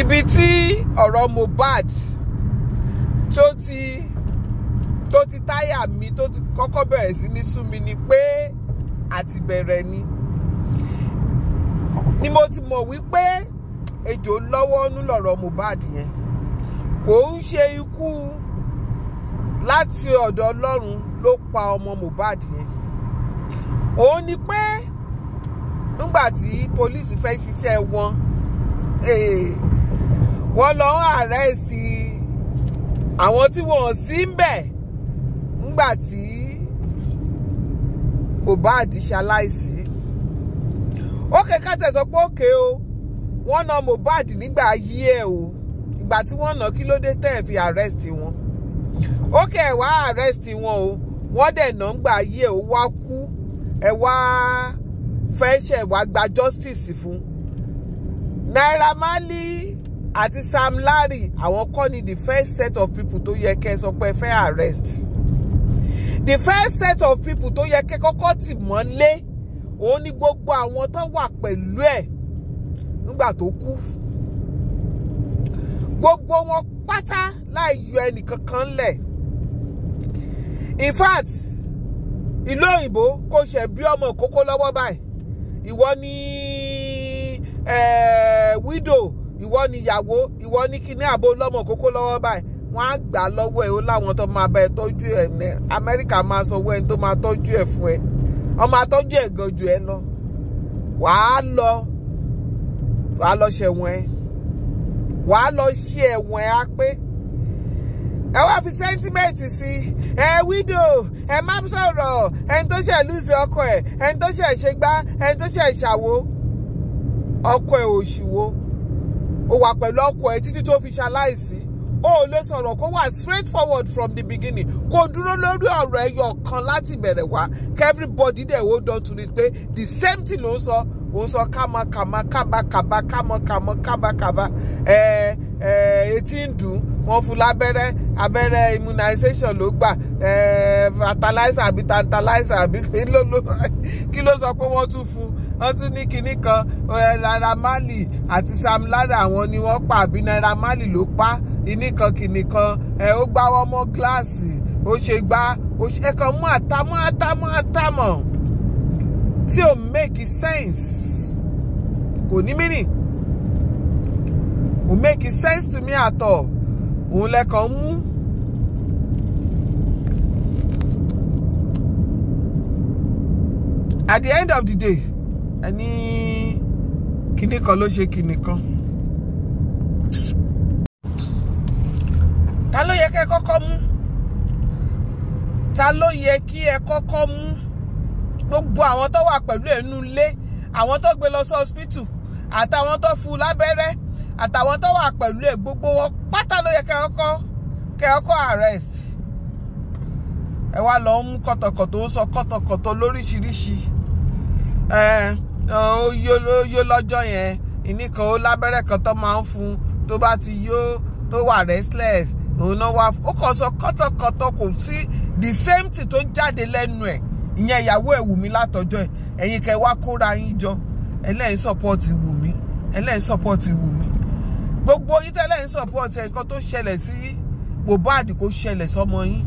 ibi tí ọ̀rọ̀ Mohbad tó ti tó ti táyà mi tó ti kọ́kọ́ bẹ̀rẹ̀ sí ní sú mi ni pé àtìbẹ̀rẹ̀ ni ni mo ti mọ̀ wípé ejò lọ́wọ́ nú lọ̀rọ̀ Mohbad yẹn kò ń ṣe ikú láti ọ̀dọ̀ Ọlọ́run ló pa ọmọ Mohbad yẹn òun ni pé nígbà tí pólíìsì fẹ́ ṣiṣẹ́ wọn. Eh, wọ́n lọ ń I àwọn tí wọ́n sí ń bẹ̀ ńgbà tí Mohbad ṣaláìsí ókè kátẹ sọ pé ókè o wọ́n na Mohbad nígbà ayé ẹ̀ o ìgbà tí wọ́n nà kí ló dé tẹ́ ẹ̀ fi arrest wọn ókè ẹ̀ wá arrest wọn o wọ́n dẹ̀ nà ńgbà ayé ẹ̀ o wá kú ẹ̀ wá fẹ́ ṣẹ̀ wá gba justice fún Naira Marley àti Sam Larry àwọn kọ́ ni the first set of people tó yẹ kẹ́ sọ pé fẹ́ arrest the first set of people tó yẹ kẹ́ kọ́kọ́ tì mọ́lé òun ni gbogbo àwọn tó wà pẹ̀lú ẹ̀ nígbà tó kú gbogbo wọn pátá láì yọ ẹnìkankan lẹ̀ in fact ìlú òyìnbó kò ṣe bí ọmọ kókó lọ́wọ́ báyìí ìwọ ni eh, widow ìwọ níyàwó ìwọ ní kíní àbò lọ́mọ kókó lọ́wọ́ báyìí wọ́n á gbà lọ́wọ́ ẹ̀ ó láwọn tó máa bá ẹ tọ́jú ẹ̀ ní Amẹ́ríkà máa sanwó ẹni tó máa tọ́jú ẹ̀ fún ẹ wọ́n máa tọ́jú ẹ̀ gan jù ẹ lọ wàá lọ wàá lọ ṣẹ̀wọ̀n ẹ wàá lọ ṣí ẹ̀wọ̀n ẹ á pé ẹ wá fi sẹ́ńtímẹ́ǹtì sí ẹ wídò ẹ má sọ̀rọ̀ ẹni tó ṣe lùsì ọkọ ẹ ẹni tó ṣe ṣe gbá ẹni tó ṣe ṣàwo ọkọ ẹ òṣìwò o wà pẹ̀lú ọkọ ẹ títí tó fi ṣaláìsí o ò lè sọ̀rọ̀ kó wà straight forward from the beginning kó dúró lórí ọ̀rọ̀ ẹyọ kan láti bẹ̀rẹ̀ wá kẹ́fíríbọ̀dì dẹ̀ ó dán tu pé the same thing ló ń sọ ó ń sọ kámakàmá kábàkàbà kámọkàmọ kábàkàbà ẹ̀ẹ́ ẹ̀ẹ́ etí ń dùn wọ́n fún lábẹ́rẹ́ abẹ́rẹ́ immunization ló gbà ẹ̀ẹ́ fertilizer àbí tantalizer àbí kí ló sọ pé wọ́n tún fún un wọ́n tún ní kinní kan eh, Naira Marley àti Sam Larry àwọn ni wọ́n pa àbí Naira Marley ló pa kinní kan kinní kan ẹ̀ eh, ó gbáwọ́ mọ́ kíláàsì ó ṣe gbá ó kàn mú àtàmọ́ àtàmọ́ àtàmọ́ tí ò make sense kò ní mí nì ò make sense to me at all òun lẹ́kàn mú. at the end of the day ẹni kinní kan ló ṣe kinní kan. ta ló yẹ kẹ́ kọ́kọ́ mú ta ló yẹ kí ẹ kọ́kọ́ mú gbogbo àwọn tó wà pẹ̀lú ẹnu ilé àwọn tó gbé lọ sí hospital àtàwọn tó fún un lábẹ́rẹ́ àtàwọn tó wà pẹ̀lú ẹ̀ gbogbo wọn pátá ló yẹ kẹ́ kọ́kọ́ kẹ́ kọ́kọ́ arrest ẹ wá lọ ń mú kọ̀tọ̀kọ̀tọ̀ ó sọ kọ̀tọ̀kọ̀tọ̀ lóríṣiríṣi ó yó lọ́jọ́ yẹn ìníkan ó lábẹ́rẹ́ kan tó máa ń fún tó bá ti yó tó wà restless òun náà wà ó kàn sọ kọ́tọ̀kọ́tọ̀ kò sí the same thing tó jáde lẹ́nu ẹ̀ ìyẹn ìyàwó ẹ̀ Wùmí látọjọ́ ẹ̀ ẹ̀yin kẹ́ wá kóra yín jọ ẹlẹ́yìn sọ́pọ́ọ̀tì Wùmí ẹlẹ́yìn sọ́pọ́ọ̀tì Wùmí gbogbo yín tẹ́lẹ̀yìn sọ́pọ́ọ̀tì ẹ̀ nǹkan tó ṣẹlẹ̀ sí Mohbad kó ṣẹlẹ̀ sọ́mọ yín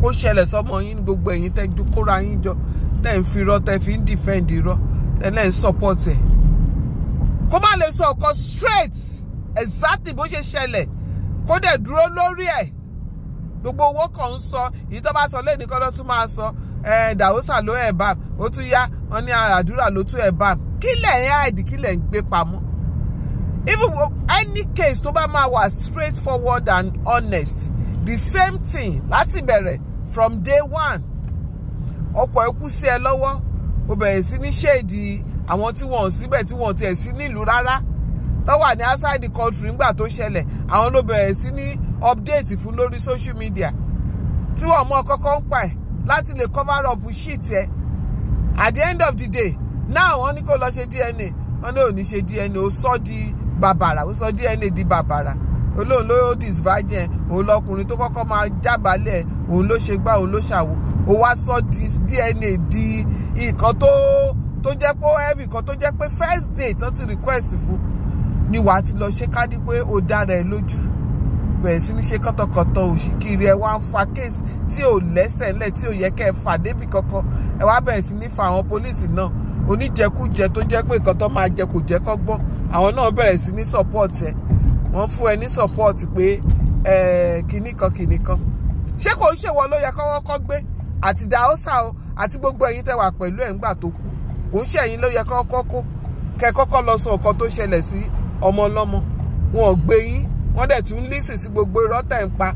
kó ṣẹlẹ̀ sọ́mọ yín gbogbo ẹ̀yin tẹ́ kóra yín jọ tẹ́ ń fi irọ́ tẹ́ fi ń defend irọ́ tẹ́ lẹ́ ń support ẹ̀ kó má lè sọ ọkọ straight exactly bó ṣe ṣẹlẹ̀ kó dẹ̀ dúró lórí ẹ̀ gbogbo owó kan ń sọ èyí tó bá sọ lẹ́ni kan ló tún máa sọ dàwọ́sà ló ẹ̀ bá ó tún yá wọn ní àdúrà ló tún ẹ̀ bá kí lẹ̀ ń hide kí lẹ̀ ń gbé pamọ́ even any case tó bá máa wà straight forward and honest the same thing láti bẹ̀rẹ̀ from day one ọkọ̀ ẹ kú sí ẹ lọ́wọ́ o bẹ̀rẹ̀ sí ní ṣèdí àwọn tí wọ́n síbẹ̀ tí wọ́n tiẹ̀ sí nílùú rárá tó wà ní outside country ńgbà tó ṣẹlẹ̀ àwọn ló bẹ̀rẹ̀ sí ní update fún lórí social media tí wọ́n mọ kọ́kọ́ ń pa ẹ̀ láti lè cover up shit ẹ̀ at the end of the day náà wọ́n ní kó lọ ṣe DNA wọ́n ní ò ní ṣe DNA ó sọ di bàbàrà ó sọ DNA di bàbàrà olóhùn ló dis virgin òun lọkùnrin tó kọ́kọ́ máa jábàálẹ̀ òun ló ṣe gbá òun ló ṣàwò ó wá sọ di DNA di nǹkan tó tó jẹ́ pé heavy kan tó jẹ́ pé first day tán ti request fún ni wàá ti lọ ṣe ká ní pé ó dára ẹ lójú bẹ̀rẹ̀ sí ní ṣe kọ́tọ̀kọ́tọ̀ òṣìkiri ẹ wá ń fa case tí ò lẹ́sẹ̀ lẹ̀ tí ò yẹ kẹ́ ẹ fà débi kankan ẹ wá bẹ̀rẹ̀ sí ní fa àwọn pólíìsì náà oníjẹkújẹ tó jẹ́ pé nǹkan tó máa jẹ kò jẹ́ kọ́ gbọ́n àwọn náà bẹ̀rẹ̀ sí ní support ẹ wọ́n fún ẹ ní support pé kìnnìkan kìnnìkan ṣé kò ń ṣèwọ ló yẹ kọ́wọ́ kọ́ gbé àti dàósà o àti gbogbo ẹ̀yin tẹ́ wà pẹ̀lú ẹ̀ ńgbà tó kú kò ń ṣe ẹ̀yin ló yẹ kọ́kọ́ kó kẹ́ kọ́kọ́ lọ sọ nǹkan tó ṣẹlẹ̀ sí ọmọ ọlọ́mọ wọn ò gbé yín wọ́n dẹ̀ tún lísìn sí gbogbo irọ́ tẹ̀ ń pa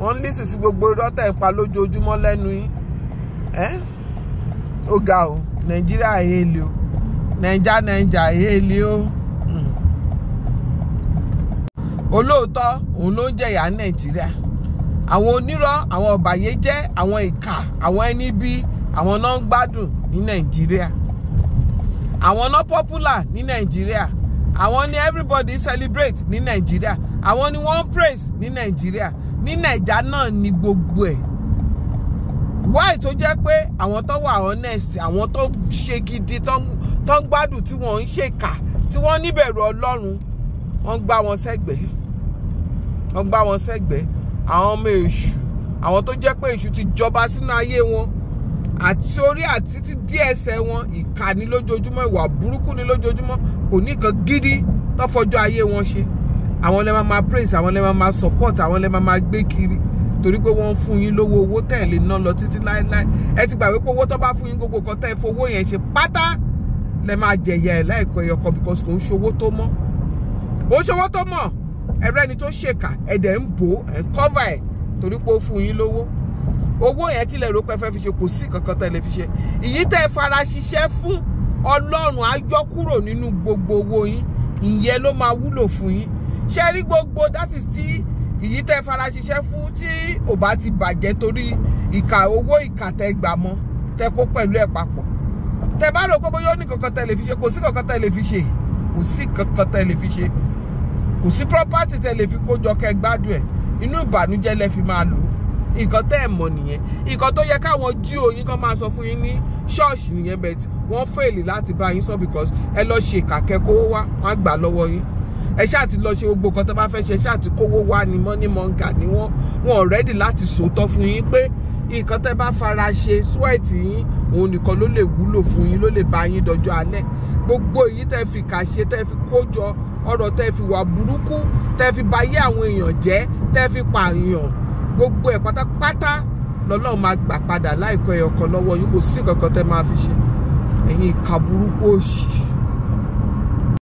wọ́n lísìn sí gbogbo irọ́ tẹ̀ ń pa lójoojúmọ́ lẹ́nu yín ẹ́ ó ga o nàìjíríà èèlè o nàìjà nàìjà èèlè o hmm. olóòótọ́ òun ló ń jẹ̀yà nàìjíríà àwọn onírọ́ àwọn ọ̀bàyéjẹ́ àwọn ìkà àwọn ẹni bí àwọn náà ń gbádùn ní nàìjíríà àwọn náà popular ní nàìjíríà àwọn ni everybody celebrate ní nàìjíríà àwọn ni one praise ní nàìjíríà ní nàìjà náà ni gbogbo ẹ̀ why tó jẹ́ pé àwọn tó wà honest àwọn tó ṣe gidi tó ń gbádùn tí wọ́n ń ṣèkà tí wọ́n níbẹ̀rù ọlọ́run wọ́n gbá wọn sẹ́gbẹ̀ẹ́ wọ́n gbá wọn sẹ́gbẹ̀ẹ́ àwọn ọmọ èṣù àwọn tó jẹ́ pé èṣù ti jọba sínú ayé wọn àti orí àti títí díẹ̀ ẹsẹ̀ wọn ìkànnì lójoojúmọ́ ìwà burúkú ni lójoojúmọ́ kò ní nǹkan gidi tó fọjọ́ ayé wọn ṣe àwọn lè máa máa praise àwọn lè máa máa support àwọn lè máa máa gbé kiri torí pé wọ́n ń fún yín lówó owó tẹ̀ lè ná lọ títí láéláé ẹ ti gbà wípé owó tó bá fún yín gbogbo kan tẹ́ fowó yẹn ṣe pátá lẹ máa jẹ̀yà ẹ̀ láìpẹ́ ẹyọkọ because kò ń ṣowó tó mọ́ kò ń ṣowó tó mọ́ ẹ̀rọ ẹni tó ṣèkà ẹ̀dẹ̀ ń bò ẹ̀ ń kọ́fà ẹ̀ torí pé ó fún yín lówó owó yẹn kí lè rò pé fẹ́ fi ṣe kò sí kankan tẹ́ lè fi ṣe ìyí tẹ́ fara ṣiṣẹ́ fún ọlọ́run á yọ kúrò nínú gbogbo owó yín ìyẹn ló máa wúlò fún yín ṣé rí gbogbo that is ti ìyí tẹ́ fara ṣiṣẹ́ fún tí ò bá ti bàjẹ́ torí ìkà owó ìkà tẹ́ gbà mọ́ tẹ́ kó pẹ̀lú ẹ̀ papọ̀ tẹ́ bá rò pé bóyá ó ní kankan tẹ́ lè fi ṣe kò sí kankan tẹ́ lè fi ṣe kò sí kankan tẹ́ lè fi ṣe kò sí property tẹ́ lè fi kójọ kẹ́ gbádùn ẹ̀ inú ìbànújẹ́ lẹ fi máa lò nǹkan tẹ́ ẹ̀ mọ̀ nìyẹn nǹkan tó yẹ káwọn jí oyin kan máa sọ fún yín ní ṣọ́ọ̀ṣì nìyẹn bẹ́ẹ̀ wọ́n fèèlì láti bá yín sọ because ẹ lọ ṣe kàkẹ́ kówó wá wọ́n á gbà lọ́wọ́ yín ẹ ṣáà ti lọ ṣe gbogbo nǹkan tó bá fẹ́ ṣe ṣáà ti kówó wá ni mọ́nímọ́ngà ni wọ́n wọ́n ready láti sòótọ́ fún yín pé nǹkan tẹ́ bá fara ṣe sweat yín òun nìkan ló lè wúlò fún yín ló lè bá yín dọjọ́ alẹ́ gbogbo èyí tẹ́ fi kà ṣe tẹ́ fi kó jọ ọ̀rọ̀ tẹ́ fi wà burúkú tẹ́ fi bayé àwọn èèyàn jẹ́ tẹ́ fi pààyàn gbogbo ẹ̀ pátápátá lọ́lọ́run máa gbà padà láìpẹ́ ọkàn lọ́wọ́ yín kò sí kankan tẹ́ máa fi ṣe ẹ̀yin ìka burúkú òṣì.